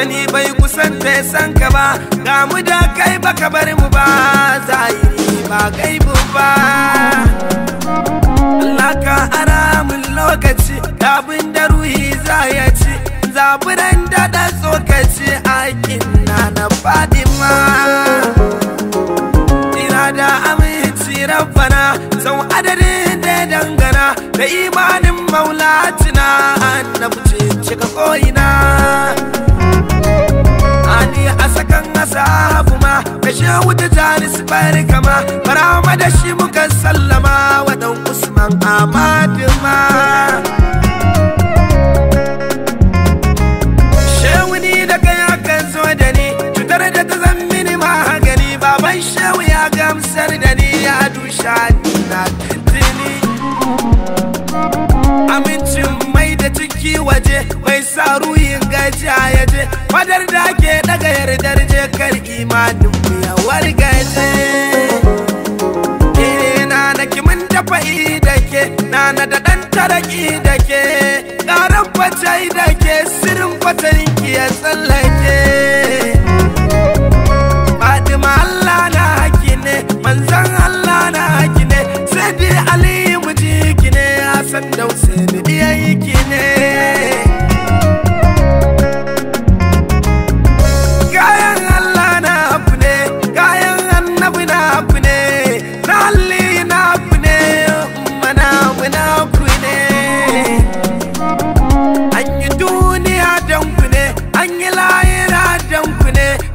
sani bai kusanta san ka ba ga mu da kai baka bar mu ba zahiri ba kai mu ba Allah ka aramun lokaci abin da ruhi za ya ci zaburan da da tsokaci aikin na na fadima ina da aminci rabbana sau adadin da dangana da imanin maulacina annabci cika ko'ina a sakan asahabu ma da shehu tijani su bari kama ma da shi muka sallama wa dan usman amadu ma shehu ni daga yakan zo da ni cutar da ta zan mini magani baban shehu ya gamsar da ni ya dusha na tini amincin mai da ciki waje mai sa ruhin gajiya je fadar da ke daga yardar je kar imanin mu ya wargaje na na kimin dafa da ke nana na da dan taraki da ke karan fatai da ke sirrin fatarin ki ya tsallake Fatima Allah na haki ne manzan Allah na haki ne sai Ali mu ji ne Hassan Dausa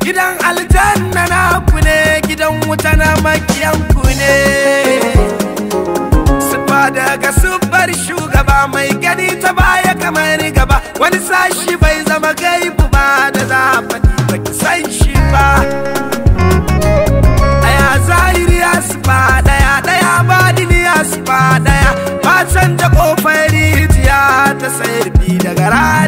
gidan aljanna na ku ne gidan wuta na makiyan ku ne sufa daga sufar shugaba mai gani ta baya kamar gaba wani sashi bai zama gaibu ba da za ba ki san shi ba ɗaya zahiri ya sufa ɗaya ba dini ya sufa ɗaya ba canja ƙofar rijiya ta sayar bi daga rana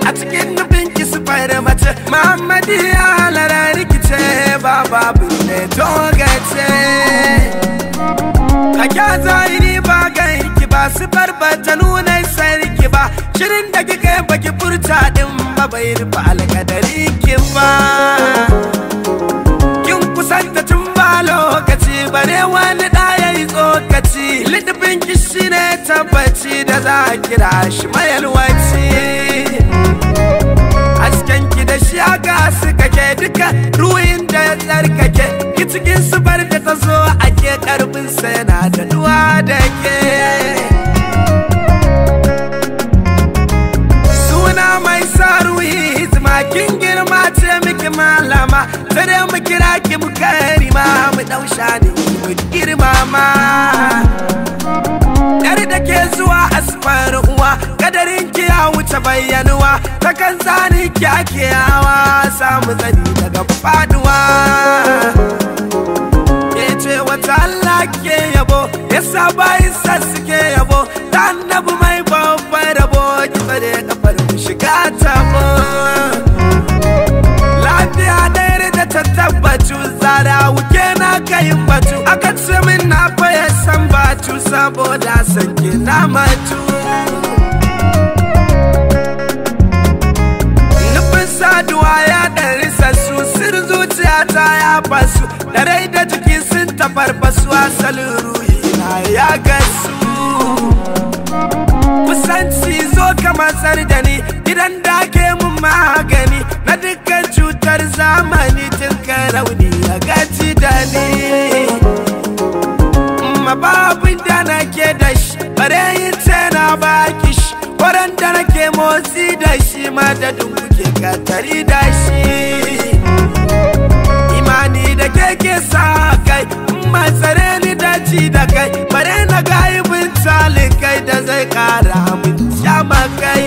a cikin nufin ki fara mace Muhammadu ya halara rikice ba babu ne togace a kya zahiri ba ganki ba su barbata nuna sarki ba shirin da kika yi baki furta din ba bai rufe alkadari ki ba kin kusanta tun ba lokaci bare wani ya yi tsokaci littafin kishi ne tabbaci da za a kira shi mayalwaci yaga su kake duka ruhin da ya tsarkake ki cikin su bar da ta zo ake karfin sa yana da duwa da ke suna mai sa ruhi hizma kin girma ce miki malama tare mu kira ki mu karima mu dausha ne mu girma ma ta bayyanuwa ta kan tsani kyakkyawa samu zani daga faduwa ke ce wata Allah ke yabo ya saba isa suke yabo ta annabu mai babban rabo ki tsare kafar mu shiga tabo lafiya ɗaya da ta tabbatu zara wuke na kayin batu aka ce min na faya san batu saboda sanke na matu saduwa ya ɗari sassu sir zuciyata ya basu da rai da jiki sun tafarfasu asalin na ya gasu kusanci zo ka matsar da ni gidan da ke mun magani na dukkan cutar zamani tun rauni ya gaji da ni babin da na ke da shi bare yin tana baki Faran da nake motsi da shi da kuke katari da shi Imani da keke sa kai matsare ni daci da kai Bare na gaibin kai da zai kara min shama kai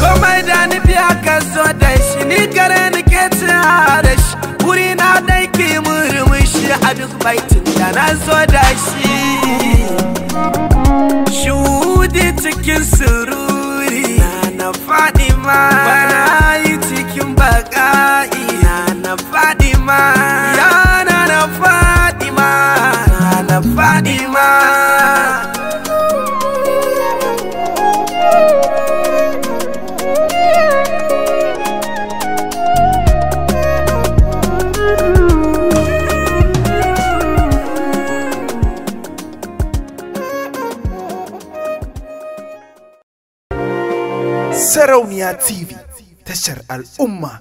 Komai da ni biya ka zo da shi ni gare ni ke cin harashi Wuri na dai ki murmushi a duk baitin da na zo da shi shuɗe cikin sururi na na faɗi ma barayi cikin baka'i na na faɗi ma ya na na faɗi ma na na faɗi ma TV, tashar al'umma.